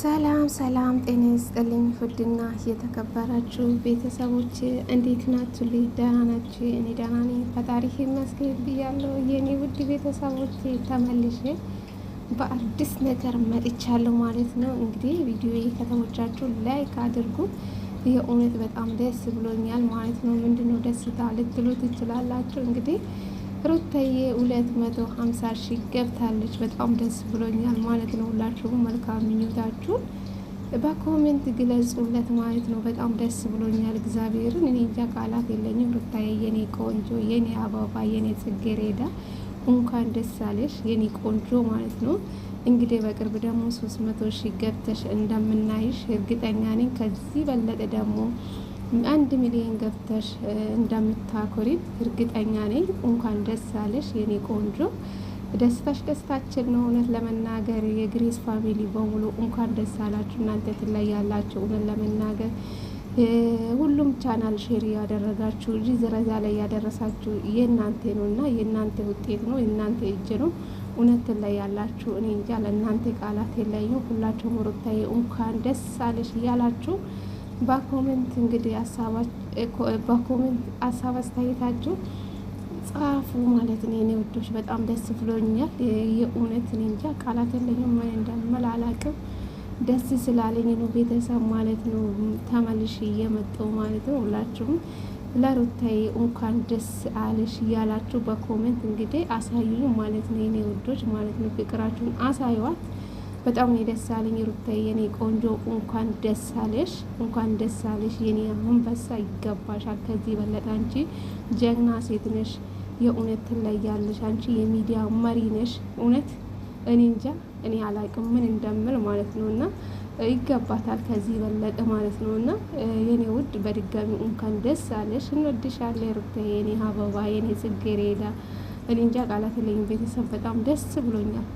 ሰላም ሰላም፣ ጤና ይስጥልኝ ውድና የተከበራችሁ ቤተሰቦች እንዴት ናችሁ? ልጅ ደህና ናችሁ? እኔ ደህና ነኝ፣ ፈጣሪ ይመስገን ብያለሁ። የእኔ ውድ ቤተሰቦች ተመልሼ በአዲስ ነገር መጥቻለሁ ማለት ነው። እንግዲህ ቪዲዮ ከተሞቻችሁ ላይክ አድርጉ። የእውነት በጣም ደስ ብሎኛል ማለት ነው። ምንድነው ደስታ ልትሉ ትችላላችሁ እንግዲህ ሩታዬ 250 ሺ ሺህ ገብታለች። በጣም ደስ ብሎኛል ማለት ነው። ሁላችሁም መልካም ምኞታችሁን በኮሜንት ግለጹለት ማለት ነው። በጣም ደስ ብሎኛል። እግዚአብሔርን እኔ እንጃ ቃላት የለኝም። ሩታዬ የኔ ቆንጆ፣ የኔ አበባ፣ የኔ ጽጌሬዳ እንኳን ደስ አለሽ የኔ ቆንጆ ማለት ነው። እንግዲህ በቅርብ ደግሞ 300 ሺ ገብተሽ እንደምናይሽ እርግጠኛ ነኝ። ከዚህ በለጠ ደግሞ አንድ ሚሊዮን ገብተሽ እንደምታኮሪን እርግጠኛ ነኝ። እንኳን ደስ አለሽ የኔ ቆንጆ። ደስታሽ ደስታችን ነው። እውነት ለመናገር የግሬስ ፋሚሊ በሙሉ እንኳን ደስ አላችሁ። እናንተ ላይ ያላችሁ እውነት ለመናገር ሁሉም ቻናል ሼር ያደረጋችሁ እዚህ ደረጃ ላይ ያደረሳችሁ የእናንተ ነው እና የእናንተ ውጤት ነው የእናንተ እጅ ነው። እውነት ላይ ያላችሁ እኔ እንጃ ለእናንተ ቃላት የለኝም። ሁላችሁም ሩታዬ እንኳን ደስ አለሽ እያላችሁ በኮሜንት እንግዲህ በኮሜንት ሀሳብ አስተያየታችሁ ጻፉ ማለት ነው። የኔ ወዶች በጣም ደስ ብሎኛል። የእውነት እኔ እንጃ ቃላት የለኝም እንደምል አላቅም። ደስ ስላለኝ ነው ቤተሰብ ማለት ነው። ተመልሽ እየመጣሁ ማለት ነው። ሁላችሁም ለሩታዬ እንኳን ደስ አለሽ እያላችሁ በኮሜንት እንግዲህ አሳዩኝ ማለት ነው። የኔ ወዶች ማለት ነው። ፍቅራችሁን አሳዩዋት። በጣም ነው ደስ አለኝ። ሩታዬ የኔ ቆንጆ እንኳን ደስ አለሽ፣ እንኳን ደስ አለሽ የኔ አንበሳ፣ ይገባሻል። ከዚህ በለጠ አንቺ ጀግና ሴት ነሽ። የእውነት ትለያለሽ። አንቺ የሚዲያ መሪ ነሽ። እውነት እኔ እንጃ እኔ አላቅም ምን እንደምል ማለት ነው እና ይገባታል ከዚህ በለጠ ማለት ነው እና የኔ ውድ በድጋሚ እንኳን ደስ አለሽ። እንወድሻለን ሩታዬ የኔ አበባ፣ የኔ ጽጌሬዳ። እኔ እንጃ ቃላት የለኝም ቤተሰብ፣ በጣም ደስ ብሎኛል።